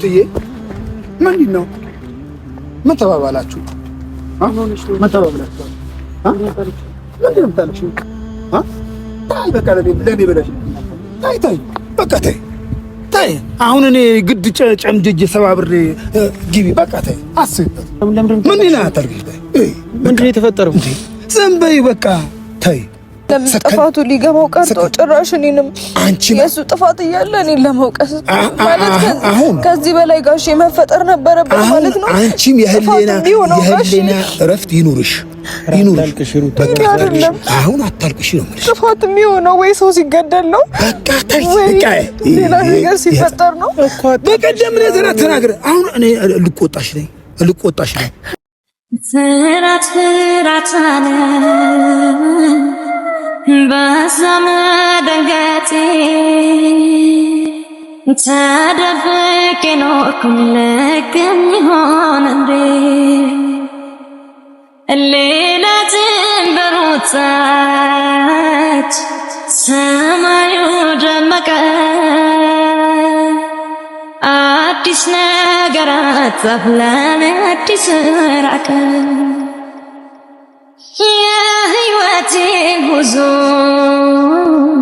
ሩትዬ ምንድን ነው መተባባላችሁ? መተባበላችሁ ታይ ታይ በቃ ታይ ታይ። አሁን እኔ ግድ ጨምጀጅ ሰባብሬ ግቢ በቃ ታይ። አስብ። ምን ነው ታርግ ምንድን ነው የተፈጠረው? ዝም በይ በቃ ታይ ጥፋቱ ሊገባው ቀርቶ ጭራሽ እኔንም የእሱ ጥፋት እያለ እኔን ለመውቀስ ማለት ከዚህ በላይ ጋሼ መፈጠር ነበረበት ማለት ነው። አንቺም የህሊና የህሊና እረፍት ይኑርሽ ይኑርሽ። አሁን አታልቅሽ ነው የምልሽ። ጥፋት የሚሆነው ወይ ሰው ሲገደል ነው፣ ሌላ ነገር ሲፈጠር ነው። በቀደም ነገር ተናግረ አሁን እኔ ልቆጣሽ ነኝ ልቆጣሽ ነኝ በዛም ደንገጤ ተደብቄ ኖርኩም ልክም ይሆን እንዴ ሌሊቱን በሮጠች ሰማዩ ደመቀ አዲስ ነገር አጣብላን አዲስ ራቀን يا حيواتي الهزوم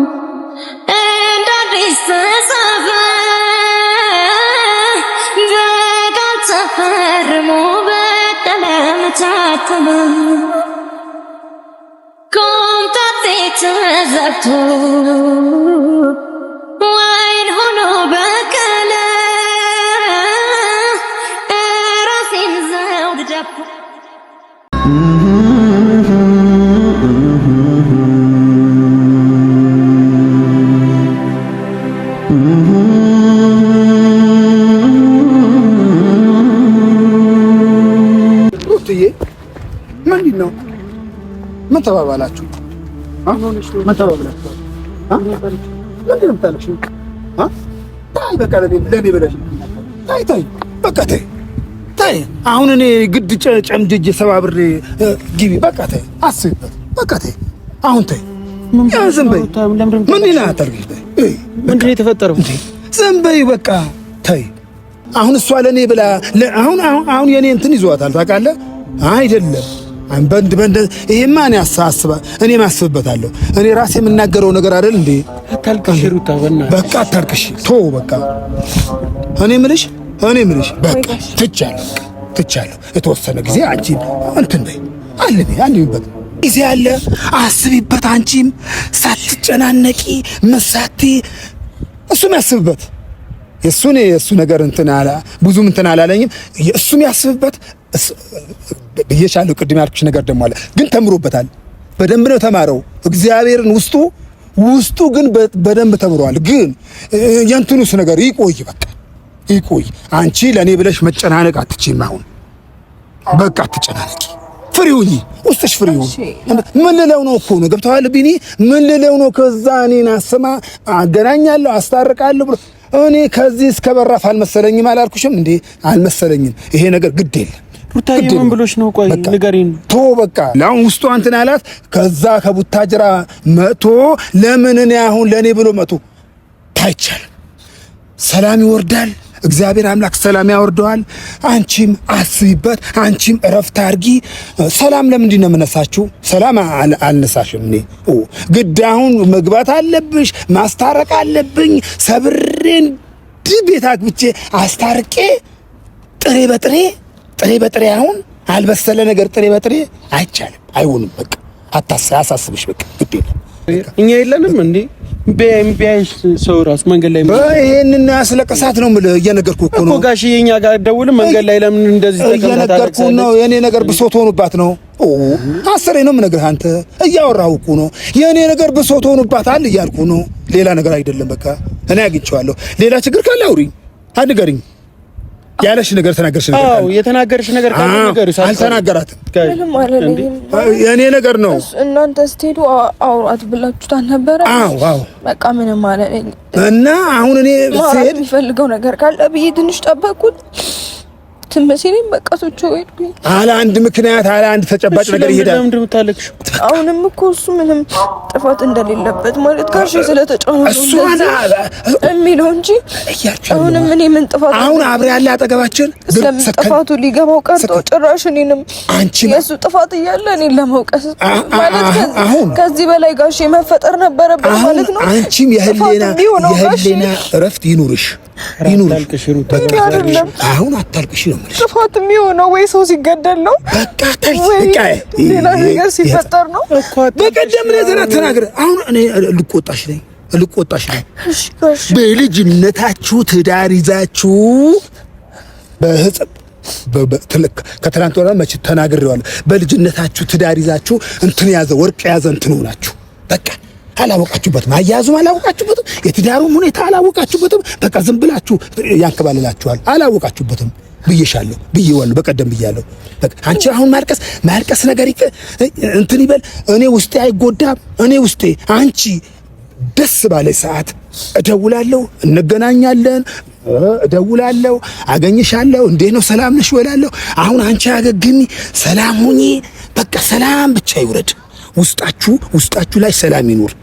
and the distance of ذاك السفر مبتلى متعتبا كنت تتذكر ምን ተባባላችሁ? ታይ ታይ በቃ ታይ ታይ። አሁን እኔ ግድ ጨምጅጅ ሰባብሬ ግቢ በቃ ታይ፣ አስብበት በቃ ታይ። አሁን ታይ ዝም በይ። ምን ይናታርግ? ምንድን ነው የተፈጠረው? ዝም በይ በቃ ታይ። አሁን እሷ ለእኔ ብላ አሁን አሁን የእኔ እንትን ይዟታል ታውቃለህ አይደለም በንድ በንድ ይሄማ እኔ አስባ እኔ ማስብበታለሁ። እኔ ራሴ የምናገረው ነገር አይደል እንዴ? አታልቅሽ ሩታ፣ በቃ አታልቅሽ። ቶ በቃ እኔ ምልሽ እኔ ምልሽ በቃ ትቻለሁ፣ ትቻለሁ። የተወሰነ ጊዜ አንቺ እንትን በይ አለኝ አለኝበት ጊዜ አለ፣ አስቢበት። አንቺም ሳትጨናነቂ መሳቴ እሱም ያስብበት የእሱን የእሱ ነገር እንትን አላ ብዙም እንትን አላለኝም። እሱም ያስብበት ብዬሻለሁ። ቅድም ያልኩሽ ነገር ደግሞ አለ፣ ግን ተምሮበታል። በደንብ ነው ተማረው እግዚአብሔርን ውስጡ ውስጡ ግን በደንብ ተምሯል። ግን የንትኑስ ነገር ይቆይ፣ በቃ ይቆይ። አንቺ ለእኔ ብለሽ መጨናነቅ አትችይም። አሁን በቃ አትጨናነቂ፣ ፍሪውኝ፣ ውስጥሽ ፍሪውኝ። ምን ልለው ነው እኮ ነው ገብተዋል። ቢኒ ምን ልለው ነው? ከዛ እኔን አስማ አገናኛለሁ፣ አስታርቃለሁ ብሎ እኔ ከዚህ እስከ በራፍ አልመሰለኝም። አላልኩሽም እንዴ? አልመሰለኝም። ይሄ ነገር ግድ የለም ቡታዬ ምን ብሎሽ ነው? ቆይ ንገሪን። ቶ በቃ ለአሁን ውስጧ እንትን አላት። ከዛ ከቡታጅራ መቶ ለምን እኔ አሁን ለእኔ ብሎ መቶ ታይቻል። ሰላም ይወርዳል። እግዚአብሔር አምላክ ሰላም ያወርደዋል። አንቺም አስቢበት፣ አንቺም እረፍት አድርጊ። ሰላም ለምንድን ነው ሰላም አልነሳሽም። እኔ ግድ አሁን መግባት አለብሽ፣ ማስታረቅ አለብኝ። ሰብሬ እንዲህ ቤት አግብቼ አስታርቄ ጥሬ በጥሬ ጥሬ በጥሬ አሁን አልበሰለ ነገር ጥሬ በጥሬ አይቻልም፣ አይሆንም። በቃ አያሳስብሽ። በቃ ግድ የለም እኛ የለንም እንዴ ቢያንስ ሰው ራሱ መንገድ ላይ ይሄንን ያስለቀሳት ነው የምልህ። እየነገርኩህ እኮ ነው እኮ ጋሽ የኛ ጋር ደውልም መንገድ ላይ ለምን እንደዚህ እየነገርኩህ ነው። የኔ ነገር ብሶት ሆኑባት ነው። ኦ አስሬ ነው የምነግርህ። አንተ እያወራሁ እኮ ነው። የኔ ነገር ብሶት ሆኑባታል እያልኩህ ነው። ሌላ ነገር አይደለም። በቃ እኔ አግኝቼዋለሁ። ሌላ ችግር ካለ አውሪኝ፣ አድገሪኝ ያለሽ ነገር ተናገርሽ ነገር አዎ፣ የተናገርሽ ነገር ካለ ነገር አልተናገራትም። የእኔ ነገር ነው። እናንተ ስትሄዱ አውራት ብላችሁታል ነበረ። አዎ፣ አዎ፣ በቃ ምንም ማለት እና አሁን እኔ ስሄድ የሚፈልገው ነገር ካለ ብዬ ትንሽ ጠበቅኩት። ስትመስለኝ መሲኒ ሶቸው ሄድኩኝ። አለ አንድ ምክንያት አለ አንድ ተጨባጭ ነገር ይሄዳል። ምንድን የምታለቅሽው? አሁንም እኮ እሱ ምንም ጥፋት እንደሌለበት ማለት ጋር እሺ፣ ስለተጫወተ እሱ የሚለው እንጂ አሁንም እኔ ምን ጥፋት አሁን አብሬ ያለ አጠገባችን ጥፋቱ ሊገባው ቀርቶ ጭራሽ እኔንም የእሱ ጥፋት እያለ እኔን ለመውቀስ ማለት ከዚህ በላይ ጋሽ መፈጠር ነበረበት ማለት ነው። አንቺም የህሊና የህሊና እረፍት ይኑርሽ። አሁን አታልቅሽ ነው የምልሽ። ጥፋት የሚሆነው ወይ ሰው ሲገደል ነው፣ ሌላ ነገር ሲፈጠር ነው። በቀደም አሁን እኔ ልቆጣሽ ነኝ ልቆጣሽ በልጅነታችሁ ትዳር ይዛችሁ ከትናንት ወዲያ መቼ ተናግሬዋለሁ። በልጅነታችሁ ትዳር ይዛችሁ እንትን ወርቅ እንትን ሆናችሁ በቃ አላወቃችሁበትም። አያያዙም አላወቃችሁበትም። የትዳሩም ሁኔታ አላወቃችሁበትም። በቃ ዝም ብላችሁ ያንከባልላችኋል። አላወቃችሁበትም ብዬሻለሁ ብዬዋለሁ። በቀደም ብያለሁ። በቃ አንቺ አሁን ማልቀስ ማልቀስ ነገር እንትን ይበል። እኔ ውስጤ አይጎዳም። እኔ ውስጤ አንቺ ደስ ባለ ሰዓት እደውላለሁ፣ እንገናኛለን። እደውላለሁ፣ አገኝሻለሁ። እንዴት ነው ሰላም ነሽ? ወላለሁ አሁን አንቺ አገግኝ ሰላም ሁኚ። በቃ ሰላም ብቻ ይውረድ። ውስጣችሁ ውስጣችሁ ላይ ሰላም ይኑር።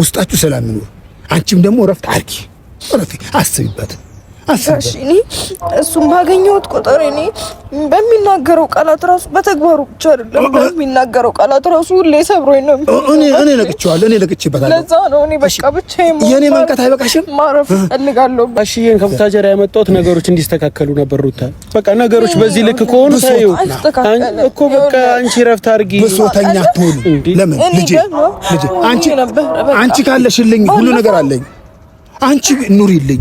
ውስጣችሁ ሰላም ይኑር። አንቺም ደግሞ እረፍት አርጊ፣ እረፊ፣ አስቢበት። እሺ እኔ እሱን ባገኘሁት ቁጥር እኔ በሚናገረው ቃላት ራሱ በተግባሩ ብቻ አይደለም በሚናገረው ቃላት ራሱ ሁሌ ሰብሮኝ ነው። እኔ እኔ እኔ ለዛ ነው እኔ በቃ የኔ መንቀት አይበቃሽም፣ ማረፍ እፈልጋለሁ። እሺ ይሄን ከቡታጀራ ያመጣሁት ነገሮች እንዲስተካከሉ ነበር። ሩታ በቃ ነገሮች በዚህ ልክ ከሆኑ እኮ በቃ አንቺ ረፍት አድርጊ። ብሶተኛ አትሆኑ። ለምን ልጄ፣ አንቺ ካለሽልኝ ሁሉ ነገር አለኝ አንቺ ኑሪልኝ፣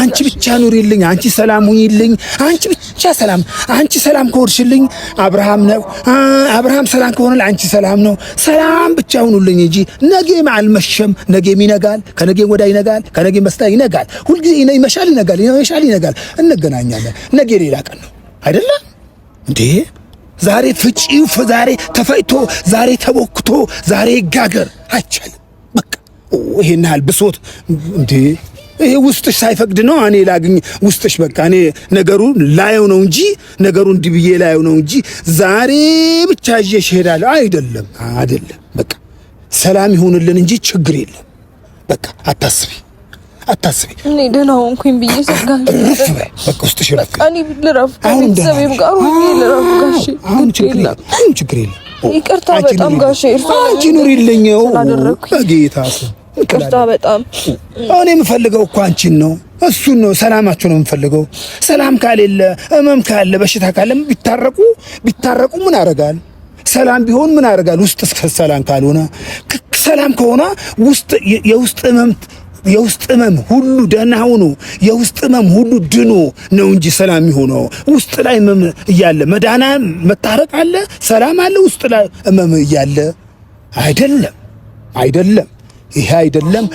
አንቺ ብቻ ኑሪልኝ፣ አንቺ ሰላም ሁኝልኝ፣ አንቺ ብቻ ሰላም፣ አንቺ ሰላም ከሆንሽልኝ አብርሃም ነው። አብርሃም ሰላም ከሆነ አንቺ ሰላም ነው። ሰላም ብቻ ሁኑልኝ እንጂ ነገም አልመሸም። ነገም ይነጋል፣ ከነገም ወዳ ይነጋል፣ ከነገም በስቲያ ይነጋል። ሁልጊዜ ይመሻል፣ ይነጋል፣ ይመሻል፣ ይነጋል። እንገናኛለን። ነገ ሌላ ቀን ነው አይደለ እንዴ? ዛሬ ፍጪው፣ ዛሬ ተፈጭቶ፣ ዛሬ ተቦክቶ፣ ዛሬ ይጋገር አይቻልም። ይሄን ያህል ብሶት እንዴ? ይሄ ውስጥሽ ሳይፈቅድ ነው። እኔ ላግኝ ውስጥሽ በቃ እኔ ነገሩ ላየው ነው እንጂ ነገሩ እንዲህ ብዬ ላየው ነው እንጂ ዛሬ ብቻ ይዤሽ እሄዳለሁ አይደለም፣ አይደለም። በቃ ሰላም ይሁንልን እንጂ ችግር የለም። በቃ አታስቢ፣ አታስቢ። እኔ ደህና ሆንኩኝ ብዬ ሰጋኝ። በቃ ውስጥሽ እረፍ። እኔ ልረፍ፣ ቤተሰቤም ጋር ልረፍ። ጋሽ አሁን ችግር የለም፣ አሁን ችግር የለም። ይቅርታ በጣም ይርፋ አንቺ ኑሪልኝ በጌታ ይቅርታ በጣም አሁን የምፈልገው እኮ አንቺን ነው፣ እሱን ነው፣ ሰላማቸው ነው የምፈልገው። ሰላም ካሌለ እመም ካለ በሽታ ካለ ቢታረቁ ቢታረቁ ምን አረጋል ሰላም ቢሆን ምን አረጋል ውስጥ ሰላም ካልሆነ ሰላም ከሆነ ውስጥ የውስጥ እመምት የውስጥ ህመም ሁሉ ደህና ሆኖ የውስጥ ህመም ሁሉ ድኖ ነው እንጂ ሰላም የሆነው። ውስጥ ላይ ህመም እያለ መዳና መታረቅ አለ፣ ሰላም አለ። ውስጥ ላይ ህመም እያለ አይደለም፣ አይደለም። ይሄ አይደለም።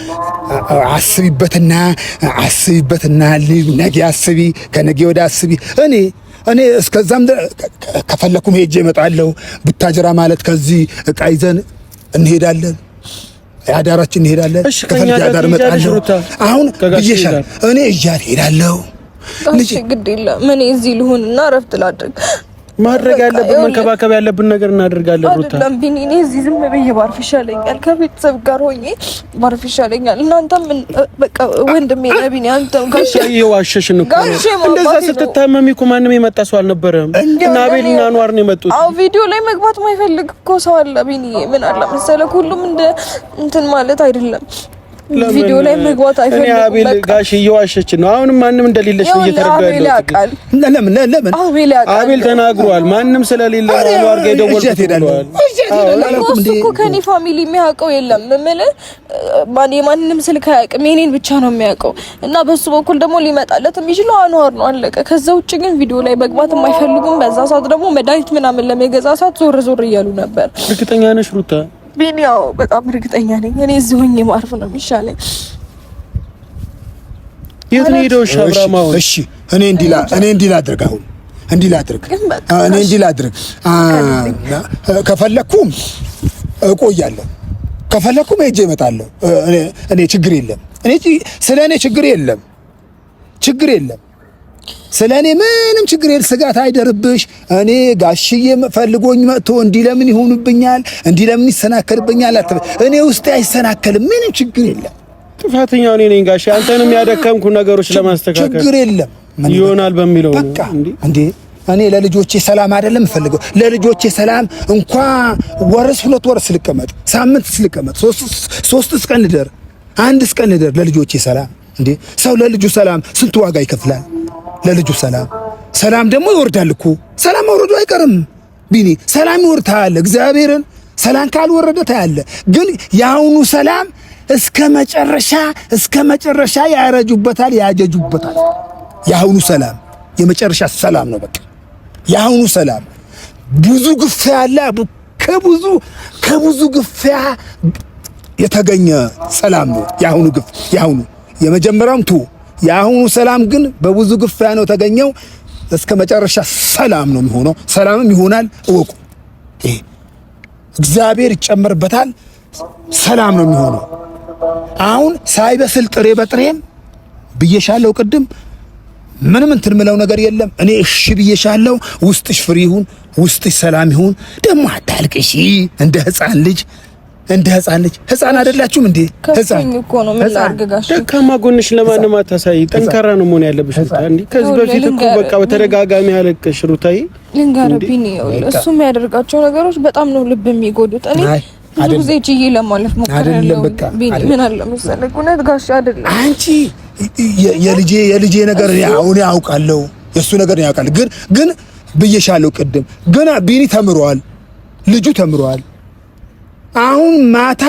አስቢበትና አስቢበትና ነገ አስቢ፣ ከነገ ወደ አስቢ። እኔ እኔ እስከዛም ከፈለኩም ሄጄ እመጣለሁ። ብታጀራ ማለት ከዚህ ዕቃ ይዘን እንሄዳለን አዳራችን እንሄዳለን። ከፈልግ አዳር እመጣለሁ። አሁን ብዬሻል። እኔ እያል ሄዳለሁ። ልጅ ግድ የለም እኔ እዚህ ልሁንና እረፍት ላድርግ ማድረግ ያለብን መንከባከብ ያለብን ነገር እናደርጋለን። ሩታ ቢኒ፣ እኔ እዚህ ዝም ብዬ ባርፍ ይሻለኛል፣ ከቤተሰብ ጋር ሆኜ ባርፍ ይሻለኛል። እናንተም በቃ ወንድሜ ነቢኒ፣ አንተም ጋሽ የዋሸሽን ነው። እንደዛ ስትታመሚ እኮ ማንም የመጣ ሰው አልነበረም። እና አቤል እና ኗር ነው የመጡት። አዎ ቪዲዮ ላይ መግባት ማይፈልግ እኮ ሰው አለ ቢኒ። ምን አለ መሰለህ፣ ሁሉም እንደ እንትን ማለት አይደለም ቪዲዮ ላይ መግባት አይፈልግም። እኔ አቤል ጋሽ እየዋሸች ነው። አሁንም ማንም እንደሌለሽ ነው ለምን ለምን ለምን አቤል አቤል ተናግሯል። ማንም ስለሌለ ነው አድርጋ የደወልኩት። እሱ እኮ ከኔ ፋሚሊ የሚያውቀው የለም። ማን የማንንም ስልክ አያውቅም፣ የኔን ብቻ ነው የሚያውቀው እና በሱ በኩል ደግሞ ሊመጣለት የሚችለው አንዋር ነው። አለቀ። ከዛ ውጭ ግን ቪዲዮ ላይ መግባት የማይፈልጉም። በዛ ሰዓት ደግሞ መድኃኒት ምናምን ለመገዛ ሰዓት ዞር ዞር እያሉ ነበር። እርግጠኛ ነሽ ሩታ? ቢኒ ያው በጣም እርግጠኛ ነኝ እኔ እዚህ ሆኜ ማረፍ ነው የሚሻለኝ። የት ነው ሄደው ሻብራማው? እሺ እኔ እንዲላ እኔ እንዲላ አድርግ አሁን እንዲላ አድርግ እኔ እንዲላ አድርግ። ከፈለኩም እቆያለሁ፣ ከፈለኩም ሄጄ እመጣለሁ። እኔ ችግር የለም እኔ ስለ እኔ ችግር የለም ችግር የለም ስለ እኔ ምንም ችግር የለ ስጋት አይደርብሽ። እኔ ጋሽዬ ፈልጎኝ መጥቶ እንዲህ ለምን ይሆኑብኛል፣ እንዲህ ለምን ይሰናከልብኛል አትበል። እኔ ውስጤ አይሰናከልም፣ ምንም ችግር የለም። ጥፋተኛ እኔ ነኝ ጋሽ፣ አንተንም ያደከምኩ ነገሮች ለማስተካከል ችግር የለም ይሆናል በሚለው በቃ እንዴ እኔ ለልጆቼ ሰላም አይደለም እፈልገው። ለልጆቼ ሰላም እንኳ ወርስ ሁለት ወርስ ልቀመጥ፣ ሳምንት ስልቀመጥ፣ ሶስት ቀን ልደር፣ አንድ ቀን ልደር ለልጆቼ ሰላም። እንዴ ሰው ለልጁ ሰላም ስንት ዋጋ ይከፍላል? ለልጁ ሰላም ሰላም ደግሞ ይወርዳል እኮ ሰላም መውረዱ አይቀርም። ቢኒ ሰላም ይወርዳል። እግዚአብሔርን ሰላም ካልወረደ ታያለ። ግን የአሁኑ ሰላም እስከ መጨረሻ እስከ መጨረሻ ያረጁበታል፣ ያጀጁበታል። የአሁኑ ሰላም የመጨረሻ ሰላም ነው። በቃ የአሁኑ ሰላም ብዙ ግፊያ አለ። ከብዙ ከብዙ ግፊያ የተገኘ ሰላም ነው የአሁኑ ግፍ የአሁኑ የመጀመሪያውም ቱ የአሁኑ ሰላም ግን በብዙ ግፋያ ነው ተገኘው እስከ መጨረሻ ሰላም ነው የሚሆነው። ሰላምም ይሆናል። እወቁ፣ እግዚአብሔር ይጨመርበታል። ሰላም ነው የሚሆነው። አሁን ሳይበስል ጥሬ በጥሬም ብዬሻለሁ። ቅድም ምንም እንትን ምለው ነገር የለም። እኔ እሺ ብዬሻለሁ። ውስጥሽ ፍሪ ይሁን፣ ውስጥሽ ሰላም ይሁን። ደግሞ አታልቅሺ እንደ ህፃን ልጅ እንደ ህፃን ልጅ ህፃን አይደላችሁም እንዴ? ህፃን እኮ ነው። ምን ላርግጋሽ? ደካማ ጎንሽ ለማንም አታሳይ። ጠንካራ ነው መሆን ያለብሽ እንዴ ከዚህ በፊት እኮ በቃ በተደጋጋሚ ያለቀሽ ሩታዬ። ልንገርብኝ ነው እሱ የሚያደርጋቸው ነገሮች በጣም ነው ልብ የሚጎዱት። እኔ ብዙ ጊዜ ችዬ ለማለፍ ሞክሬያለሁ። ምን አለ መሰለህ እውነት ጋሽ አይደለም አንቺ የልጄ የልጄ ነገር አሁን ያውቃለሁ፣ የእሱ ነገር ያውቃል። ግን ግን ብዬሻለሁ ቅድም ገና ቢኒ ተምሯል፣ ልጁ ተምሯል አሁን ማታ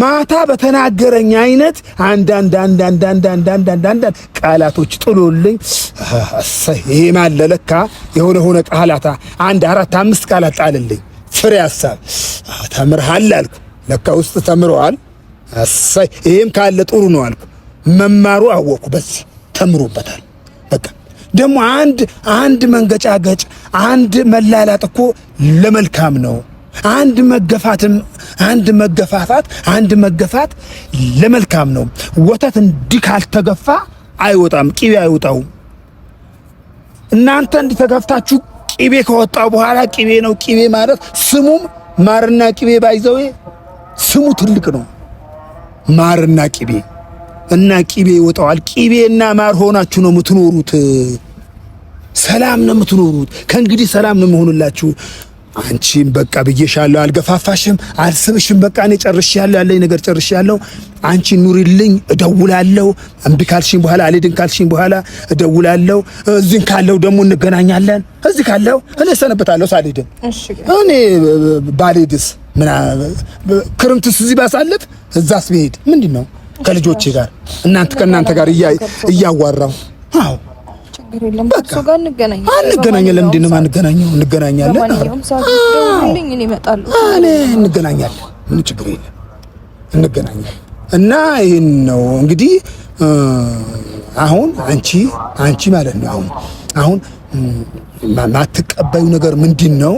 ማታ በተናገረኝ አይነት አንዳንድ አንዳንድ አንዳንድ አንዳንድ ቃላቶች ጥሎልኝ ይሄ ማለ ለካ የሆነ ሆነ ቃላታ አንድ አራት አምስት ቃላት ጣልልኝ። ፍሬ ሀሳብ ተምርሃል አልኩ። ለካ ውስጥ ተምረዋል። እሰይ ይሄም ካለ ጥሩ ነው አልኩ። መማሩ አወቁ። በዚህ ተምሮበታል። በቃ ደግሞ አንድ አንድ መንገጫገጭ አንድ መላላጥ እኮ ለመልካም ነው። አንድ መገፋትም አንድ መገፋፋት አንድ መገፋት ለመልካም ነው። ወተት እንዲህ ካልተገፋ አይወጣም፣ ቂቤ አይወጣውም። እናንተ እንዲህ ተገፍታችሁ ቅቤ ከወጣው በኋላ ቂቤ ነው። ቂቤ ማለት ስሙም ማርና ቂቤ ባይዘው ስሙ ትልቅ ነው። ማርና ቂቤ እና ቂቤ ይወጣዋል። ቂቤና ማር ሆናችሁ ነው የምትኖሩት። ሰላም ነው የምትኖሩት። ከእንግዲህ ሰላም ነው መሆንላችሁ። አንቺም በቃ ብዬሻለሁ፣ አልገፋፋሽም፣ አልስብሽም። በቃ እኔ ጨርሻለሁ፣ ያለኝ ነገር ጨርሻለሁ። አንቺ ኑሪልኝ፣ እደውላለሁ። እምቢ ካልሽኝ በኋላ አልሄድን ካልሽኝ በኋላ እደውላለሁ። እዚህ ካለው ደግሞ እንገናኛለን። እዚህ ካለው እኔ እሰነበታለሁ ሳልሄድም። እኔ ባልሄድስ ምና ክርምትስ እዚህ ባሳልፍ እዛስ ብሄድ ምንድን ነው? ከልጆቼ ጋር እናንተ ከእናንተ ጋር እያዋራሁ አዎ አንገናኛለን። እንዴት ነው የማንገናኘው? እንገናኛለን። እንገናኛለን። ምን ችግር የለም። እንገናኛለን እና ይሄን ነው እንግዲህ አሁን አንቺ አንቺ ማለት ነው አሁን አሁን ማትቀበዩ ነገር ምንድን ነው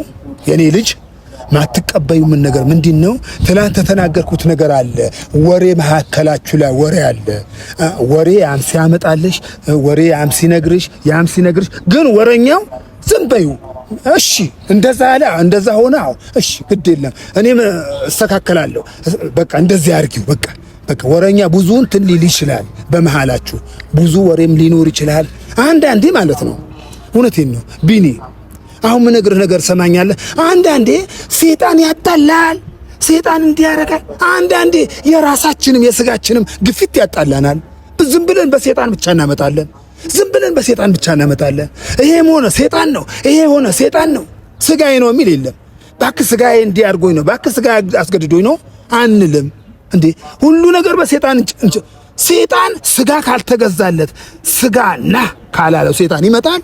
የእኔ ልጅ ማትቀበዩ ምን ነገር ምንድን ነው? ትናንት ተናገርኩት ነገር አለ። ወሬ መካከላችሁ ላይ ወሬ አለ። ወሬ ያም ሲያመጣልሽ፣ ወሬ ያም ሲነግርሽ፣ ያም ሲነግርሽ፣ ግን ወረኛው ዝም በዩ። እሺ እንደዛ አለ፣ እንደዛ ሆነ። እሺ ግድ የለም እኔም እስተካከላለሁ። በቃ እንደዚህ አድርጊው በቃ በቃ ወረኛ ብዙ እንትን ሊል ይችላል። በመሃላችሁ ብዙ ወሬም ሊኖር ይችላል አንዳንዴ ማለት ነው። እውነቴን ነው ቢኒ አሁን ምነግርህ ነገር ሰማኛለህ። አንዳንዴ ሴጣን ያጣላል፣ ሴጣን እንዲያረጋል። አንዳንዴ የራሳችንም የስጋችንም ግፊት ያጣላናል። ዝም ብለን በሴጣን ብቻ እናመጣለን። ዝም ብለን በሴጣን ብቻ እናመጣለን። ይሄም ሆነ ሴጣን ነው፣ ይሄ ሆነ ሴጣን ነው፣ ስጋዬ ነው የሚል የለም። ባክ ስጋዬ እንዲያርጎኝ ነው፣ ባክ ስጋ አስገድዶኝ ነው አንልም። እንዴ ሁሉ ነገር በሴጣን ሴጣን ስጋ ካልተገዛለት ስጋ ና ካላለው ሴጣን ይመጣል።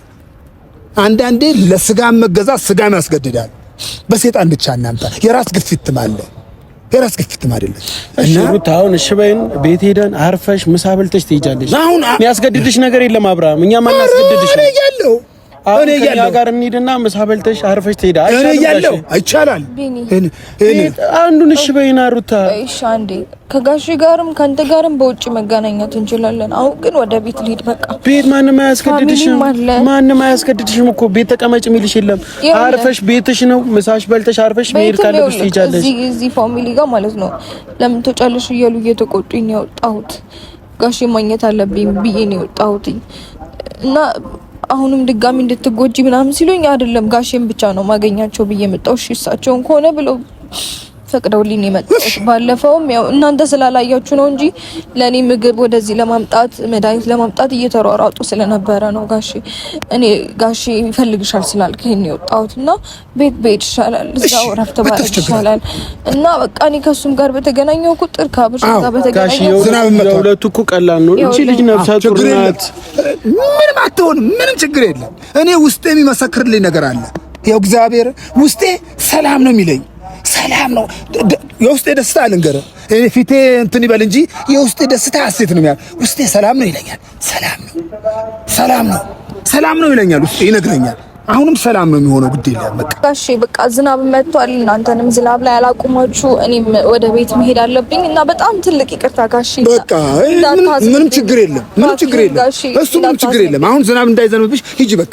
አንዳንዴ ለስጋ መገዛት ስጋም ያስገድዳል። በሴጣን ብቻ እናንተ የራስ ግፊትም አለ የራስ ግፊትም አይደለም እና አሁን እሺ በይን ቤት ሄደን አርፈሽ ምሳ በልተሽ ትሄጃለሽ። አሁን የሚያስገድድሽ ነገር የለም አብርሃም፣ እኛም አናስገድድሽ ነው እኔ እያለሁ ጋር እንሂድና ምሳ በልተሽ አርፈሽ ትሄዳ። እኔ እያለሁ ይቻላል። አንዱን እሺ በይና ሩታ፣ እሺ አንዴ ከጋሽ ጋርም ከአንተ ጋርም በውጭ መገናኘት እንችላለን። አሁን ግን ወደ ቤት ልሂድ። በቃ ቤት ማንም አያስገድድሽም፣ ማንም አያስገድድሽም እኮ ቤት ተቀመጭ የሚልሽ የለም። አርፈሽ ቤትሽ ነው፣ ምሳሽ በልተሽ አርፈሽ መሄድ ካለብሽ ትሄጃለሽ። እዚህ ፋሚሊ ጋር ማለት ነው ለምን ተጫለሽ እያሉ እየተቆጡኝ ያወጣሁት ጋሽ ማግኘት አለብኝ ብዬ ነው የወጣሁትኝ እና አሁንም ድጋሚ እንድትጎጂ ምናምን ሲሉኝ አይደለም ጋሼን ብቻ ነው ማገኛቸው ብዬ መጣሁ። እሺ እሳቸውን ከሆነ ብለው ፈቅደውልኝ ነው የመጣሁት። ባለፈውም ያው እናንተ ስላላያችሁ ነው እንጂ ለእኔ ምግብ ወደዚህ ለማምጣት መድኃኒት ለማምጣት እየተሯሯጡ ስለነበረ ነው። ጋሼ እኔ ጋሼ ይፈልግሻል ስላልክ ይሄን የወጣሁት እና ቤት ቤት ይሻላል፣ እዛው ረፍት ባል ይሻላል እና በቃ እኔ ከሱም ጋር በተገናኘው ቁጥር ካብሽ ጋር በተገናኘው ለሁለቱ እኮ ቀላል ነው እቺ ልጅ ነብሳ ጡር ምንም አትሆንም፣ ምንም ችግር የለም። እኔ ውስጤ የሚመሰክርልኝ ነገር አለ። ያው እግዚአብሔር ውስጤ ሰላም ነው የሚለኝ ሰላም ነው። የውስጤ ደስታ ልንገርህ፣ ፊቴ እንትን ይበል እንጂ የውስጤ ደስታ ሐሴት ነው ያለው። ውስጤ ሰላም ነው ይለኛል። ሰላም ነው፣ ሰላም ነው፣ ሰላም ነው ይለኛል። ውስጤ ይነግረኛል። አሁንም ሰላም ነው የሚሆነው። ግድ የለም በቃ እሺ፣ በቃ ዝናብ መጥቷል። እናንተንም ዝናብ ላይ አላቁማችሁ፣ እኔም ወደ ቤት መሄድ አለብኝ እና በጣም ትልቅ ይቅርታ ጋሺ። በቃ ምንም ችግር የለም፣ ምንም ችግር የለም፣ እሱ ምንም ችግር የለም። አሁን ዝናብ እንዳይዘንብብሽ ሂጂ በቃ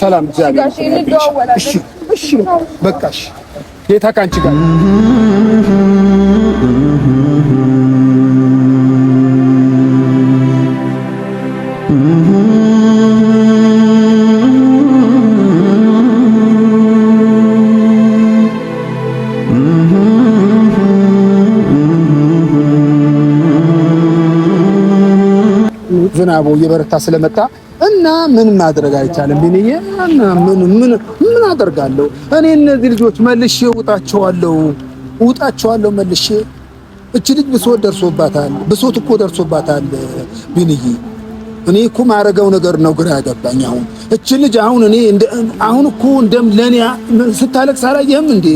ሰላም እግዚአብሔር እሺ፣ እሺ፣ ጌታ ካንቺ ጋር ዝናቡ እየበረታ ስለመጣ እና ምን ማድረግ አይቻልም። ቢንዬ ምን ምን ምን አደርጋለሁ እኔ እነዚህ ልጆች መልሼ ውጣቸዋለሁ አለው መልሼ። እች ልጅ ብሶት ደርሶባታል፣ ብሶት እኮ ደርሶባታል ቢንዬ። እኔ እኮ ማረገው ነገር ነው ግራ ያገባኝ። አሁን እች ልጅ አሁን እኔ አሁን እኮ እንደም ለኔ ስታለቅስ አላየህም እንዴ?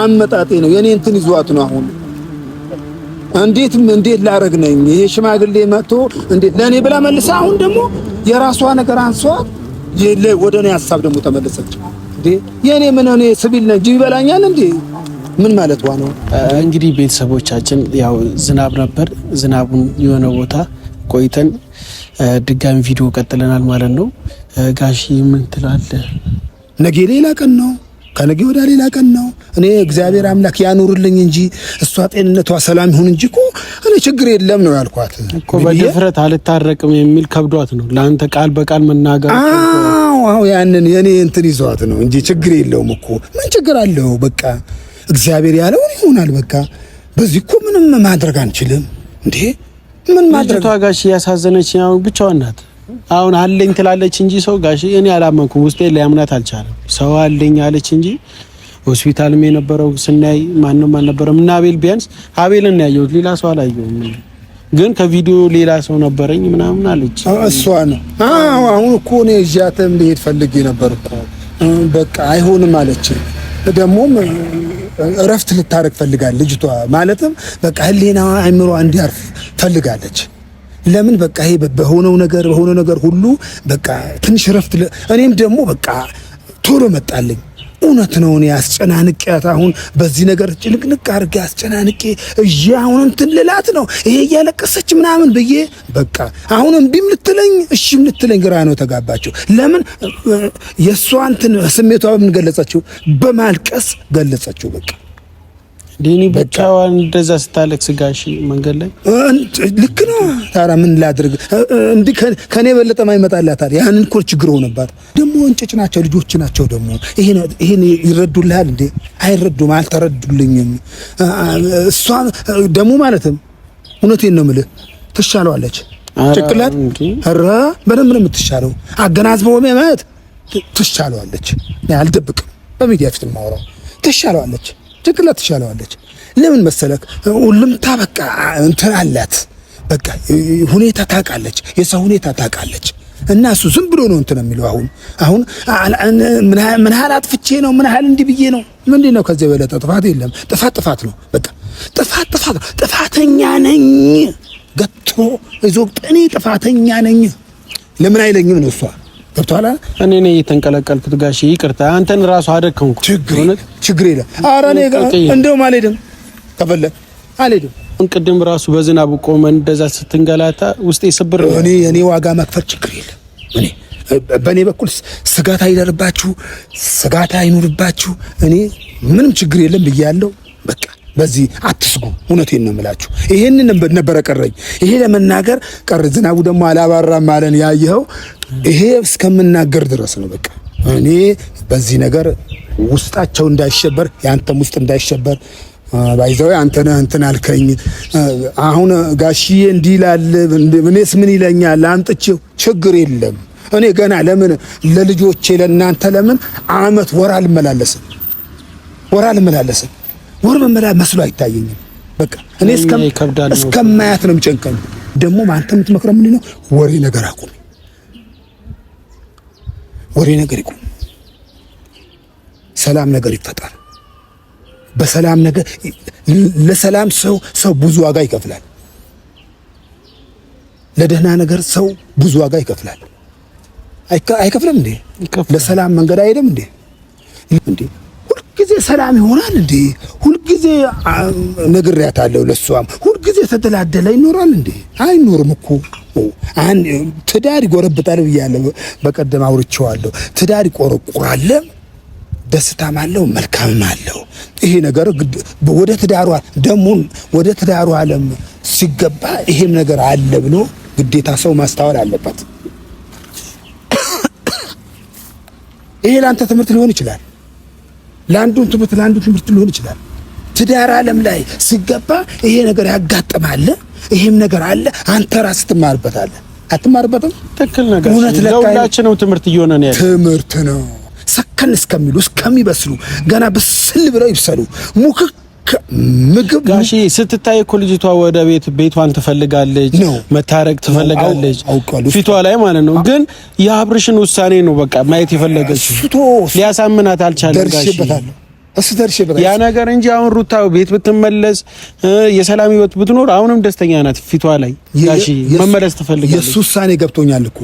አመጣጤ ነው የኔ እንትን ይዟት ነው አሁን እንዴት እንዴት ላረግ ነኝ ይሄ ሽማግሌ መጥቶ እንዴት ለእኔ ብላ መልሳ፣ አሁን ደግሞ የራሷ ነገር አንሷት ወደ እኔ ሀሳብ ደግሞ ተመለሰች። እንዴ የኔ ምን እኔ ስቢል ነኝ ይበላኛል እንዴ ምን ማለት ዋ ነው። እንግዲህ ቤተሰቦቻችን ያው ዝናብ ነበር። ዝናቡን የሆነ ቦታ ቆይተን ድጋሚ ቪዲዮ ቀጥለናል ማለት ነው። ጋሺ ምን ትላለህ? ነገ ሌላ ቀን ነው፣ ከነገ ወዲያ ሌላ ቀን ነው። እኔ እግዚአብሔር አምላክ ያኑርልኝ እንጂ እሷ ጤንነቷ ሰላም ይሁን እንጂ እኮ እኔ ችግር የለም ነው ያልኳት እኮ። በድፍረት አልታረቅም የሚል ከብዷት ነው ለአንተ ቃል በቃል መናገር። አዎ አዎ፣ ያንን የኔ እንትን ይዟት ነው እንጂ ችግር የለውም እኮ። ምን ችግር አለው? በቃ እግዚአብሔር ያለውን ይሆናል። በቃ በዚህ እኮ ምንም ማድረግ አንችልም እንዴ። ምን ማድረግ ጋሽ እያሳዘነች ነው። ብቻዋን ናት። አሁን አለኝ ትላለች እንጂ ሰው ጋሽ እኔ አላመንኩም። ውስጤ ሊያምናት አልቻለም። ሰው አለኝ አለች እንጂ ሆስፒታልም የነበረው ስናይ ማንም አልነበረም እና አቤል ቢያንስ አቤልን ያየሁት ሌላ ሰው አላየሁም። ግን ከቪዲዮ ሌላ ሰው ነበረኝ ምናምን አለች። እሷ ነው አሁን እኮ እኔ እዚያተም ልሄድ ፈልጌ ነበር እኮ በቃ አይሆንም አለች። ደግሞም እረፍት ልታረግ ፈልጋለች ልጅቷ። ማለትም በቃ ህሊና አእምሮ እንዲያርፍ ፈልጋለች። ለምን በቃ ይሄ በሆነው ነገር በሆነው ነገር ሁሉ በቃ ትንሽ እረፍት እኔም ደግሞ በቃ ቶሎ መጣልኝ እውነት ነው። እኔ ያስጨናንቅያት አሁን በዚህ ነገር ጭንቅንቅ አድርጌ አስጨናንቄ እዬ አሁን እንትን ልላት ነው ይሄ እያለቀሰች ምናምን ብዬ በቃ አሁን እምቢም ልትለኝ እሺም ልትለኝ ግራ ነው ተጋባቸው። ለምን የእሷ እንትን ስሜቷ በምን ገለጸችው? በማልቀስ ገለጸችው። በቃ ዲኒ ብቻዋን እንደዛ ስታለቅስ ጋሽ መንገድ ላይ ልክ ነው። ታዲያ ምን ላድርግ? እንዲህ ከኔ በለጠ ማይመጣላት ታዲያ ያንን እኮ ችግር ሆነባት። ደግሞ እንጭጭ ናቸው ልጆች ናቸው። ደግሞ ይሄን ይረዱልሃል እንዴ? አይረዱም፣ አልተረዱልኝም። እሷ ደግሞ ማለትም እውነቴን ነው የምልህ ትሻለዋለች። ጭቅላት ኧረ በደንብ ነው የምትሻለው። አገናዝበው ማለት ትሻለዋለች። አልደብቅም፣ በሚዲያ ፊት ማውራው ትሻለዋለች። ጭንቅላት ትሻለዋለች። ለምን መሰለክ? ሁልምታ በቃ እንትን አላት። በቃ ሁኔታ ታውቃለች፣ የሰው ሁኔታ ታውቃለች። እና እሱ ዝም ብሎ ነው እንትን የሚለው አሁን አሁን ምን ያህል አጥፍቼ ነው ምን ያህል እንዲህ ብዬ ነው ምንድን ነው? ከዚህ የበለጠ ጥፋት የለም። ጥፋት ጥፋት ነው። በቃ ጥፋት ጥፋት ነው። ጥፋተኛ ነኝ ገትሮ እዞ እኔ ጥፋተኛ ነኝ ለምን አይለኝም ነው እሷ ገብቷል። እኔ ነኝ የተንቀለቀልኩት ጋሽ ይቅርታ። አንተን ራሱ አደከምኩ። ችግር የለም። ኧረ እኔ ጋር እንደውም አልሄድም፣ ከፈለ አልሄድም። እንቅድም ራሱ በዝናብ ቆመን እንደዛ ስትንገላታ ውስጤ ስብር እኔ እኔ ዋጋ መክፈል ችግር የለም። እኔ በእኔ በኩል ስጋት አይደርባችሁ፣ ስጋት አይኑርባችሁ። እኔ ምንም ችግር የለም ብያለሁ። በቃ በዚህ አትስጉ። እውነቴን ነው የምላችሁ። ይሄንን ነበረ ቀረኝ፣ ይሄ ለመናገር ቀረ። ዝናቡ ደግሞ አላባራም አለን ያየኸው። ይሄ እስከምናገር ድረስ ነው በቃ እኔ በዚህ ነገር ውስጣቸው እንዳይሸበር የአንተም ውስጥ እንዳይሸበር ባይዘው አንተነ እንትን አልከኝ። አሁን ጋሽዬ እንዲህ ይላል፣ እኔስ ምን ይለኛል? አምጥቼው ችግር የለም እኔ ገና ለምን ለልጆቼ ለእናንተ ለምን አመት ወር አልመላለስም፣ ወር አልመላለስም። ወር መመሪያ መስሎ አይታየኝም። በቃ እኔ እስከማያት ነው የሚጨንቀኝ። ደግሞ አንተ የምትመክረው ምንድን ነው? ወሬ ነገር አቁም፣ ወሬ ነገር ይቁም፣ ሰላም ነገር ይፈጠር። በሰላም ነገር ለሰላም ሰው ሰው ብዙ ዋጋ ይከፍላል። ለደህና ነገር ሰው ብዙ ዋጋ ይከፍላል። አይከፍልም እንዴ? ለሰላም መንገድ አይሄድም እንዴ? ጊዜ ሰላም ይሆናል እንዴ? ሁልጊዜ ነግሬያታለሁ። ለሷም ሁልጊዜ ተደላደለ ይኖራል እንዴ? አይኖርም እኮ ትዳር ይጎረብጣል ብያለሁ። በቀደም አውርቼዋለሁ። ትዳር ይቆረቁራል። ደስታም አለው መልካምም አለው። ይሄ ነገር ወደ ትዳሩ ደሙን ወደ ትዳሩ ዓለም ሲገባ ይሄም ነገር አለ ብሎ ግዴታ ሰው ማስተዋል አለበት። ይሄ ለአንተ ትምህርት ሊሆን ይችላል። ለአንዱን ትምህርት ለአንዱ ትምህርት ሊሆን ይችላል። ትዳር ዓለም ላይ ሲገባ ይሄ ነገር ያጋጥማል፣ ይሄም ነገር አለ። አንተ ራስህ ትማርበታለህ፣ አትማርበትም? ትክክል ነገር እውነት ለሁላችንም ትምህርት እየሆነ ነው ትምህርት ነው ሰከን እስከሚሉ እስከሚበስሉ ገና ብስል ብለው ይብሰሉ ሙክክ ምግብ ጋሺ ስትታይ እኮ ልጅቷ ወደ ቤት ቤቷን ትፈልጋለች፣ መታረቅ ትፈልጋለች፣ ፊቷ ላይ ማለት ነው። ግን የአብርሽን ውሳኔ ነው በቃ ማየት የፈለገች ሊያሳምናት አልቻለም ጋሺ ያ ነገር እንጂ አሁን ሩታ ቤት ብትመለስ የሰላም ህይወት ብትኖር አሁንም ደስተኛ ናት። ፊቷ ላይ ጋሺ መመለስ ትፈልጋለች። የሱ ውሳኔ ገብቶኛል እኮ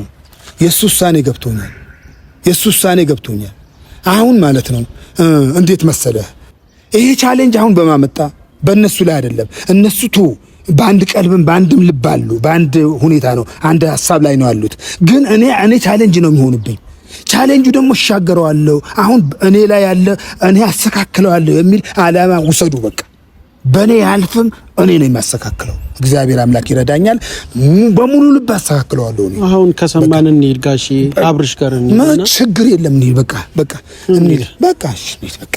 የሱ ውሳኔ ገብቶኛል። የሱ ውሳኔ ገብቶኛል አሁን ማለት ነው። እንዴት መሰለህ ይሄ ቻሌንጅ አሁን በማመጣ በእነሱ ላይ አይደለም። እነሱ ቱ በአንድ ቀልብም በአንድም ልብ አሉ። በአንድ ሁኔታ ነው፣ አንድ ሀሳብ ላይ ነው ያሉት። ግን እኔ እኔ ቻሌንጅ ነው የሚሆንብኝ። ቻሌንጁ ደግሞ እሻገረዋለሁ። አሁን እኔ ላይ ያለ እኔ አስተካክለዋለሁ የሚል አላማ ውሰዱ። በቃ በእኔ ያልፍም እኔ ነው የሚያስተካክለው። እግዚአብሔር አምላክ ይረዳኛል። በሙሉ ልብ አስተካክለዋለሁ። አሁን ከሰማን እንሂድ ጋሽ አብርሽ ጋር ችግር የለም። እንሂድ በቃ በቃ እንሂድ በቃ በቃ